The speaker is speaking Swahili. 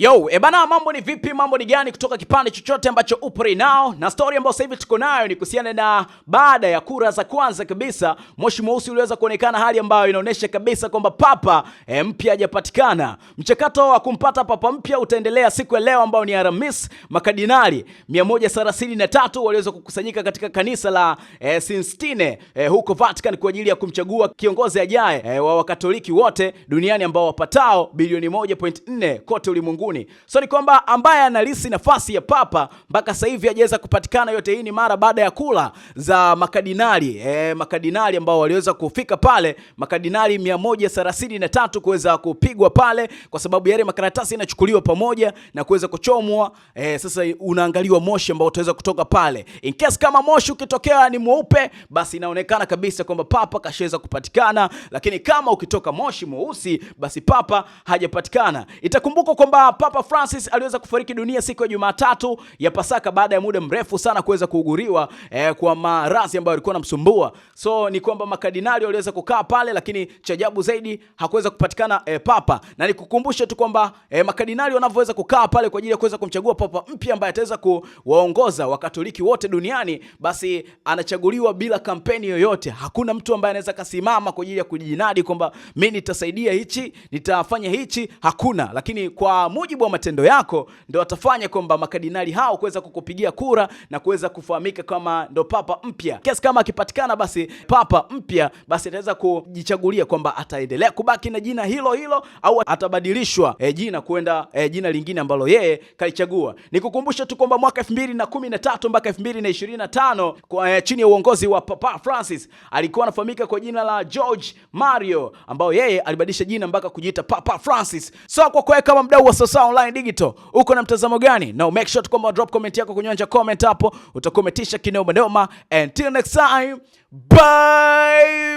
Yo, ebana eh, mambo ni vipi? Mambo ni gani kutoka kipande chochote ambacho upo right now? Na story ambayo sasa hivi tuko nayo ni kuhusiana na baada ya kura za kwanza kabisa moshi mweusi uliweza kuonekana, hali ambayo inaonyesha kabisa kwamba papa e, mpya hajapatikana. Mchakato wa kumpata papa mpya utaendelea siku ya leo ambayo ni Alhamisi. makadinali 133 waliweza kukusanyika katika kanisa la e, Sistine e, huko Vatican kwa ajili ya kumchagua kiongozi ajaye e, wa Wakatoliki wote duniani ambao wapatao bilioni 1.4 kote ulimwenguni mbinguni. So ni kwamba ambaye analisi nafasi ya papa mpaka sasa hivi hajaweza kupatikana. Yote hii ni mara baada ya kula za makadinali e, makadinali ambao waliweza kufika pale, makadinali 133 kuweza kupigwa pale, kwa sababu yale makaratasi yanachukuliwa pamoja na kuweza kuchomwa. E, sasa unaangaliwa moshi ambao utaweza kutoka pale. In case kama moshi ukitokea ni mweupe, basi inaonekana kabisa kwamba papa kashaweza kupatikana, lakini kama ukitoka moshi mweusi, basi papa hajapatikana. Itakumbukwa kwamba Papa Francis aliweza kufariki dunia siku ya Jumatatu ya Pasaka baada ya muda mrefu sana kuweza kuuguriwa eh, kwa maradhi ambayo alikuwa anamsumbua. So ni kwamba makadinali waliweza kukaa pale, lakini cha ajabu zaidi hakuweza kupatikana eh, papa. Na nikukumbushe tu kwamba eh, makadinali wanavyoweza kukaa pale kwa ajili ya kuweza kumchagua papa mpya ambaye ataweza kuwaongoza Wakatoliki wote duniani, basi anachaguliwa bila kampeni yoyote. Hakuna mtu ambaye anaweza kasimama kwa ajili ya kujinadi kwamba mimi nitasaidia hichi, nitafanya hichi, hakuna. Lakini kwa mujibu wa matendo yako ndo watafanya kwamba makadinali hao kuweza kukupigia kura na kuweza kufahamika kama ndo papa mpya. Kiasi kama akipatikana basi papa mpya, basi ataweza kujichagulia kwamba ataendelea kubaki na jina hilo hilo au atabadilishwa e, jina kwenda e, jina lingine ambalo yeye kalichagua. Nikukumbusha tu kwamba mwaka 2013 mpaka 2025 kwa e, chini ya uongozi wa Papa Francis alikuwa anafahamika kwa jina la George Mario, ambao yeye alibadilisha jina mpaka kujiita Papa Francis. So kwa kwa kama mdau wa sasa Sawa Online Digital, uko na mtazamo gani? Now make sure kwamba drop comment yako kwenye comment hapo, utakometisha kinoma noma. Until next time, bye.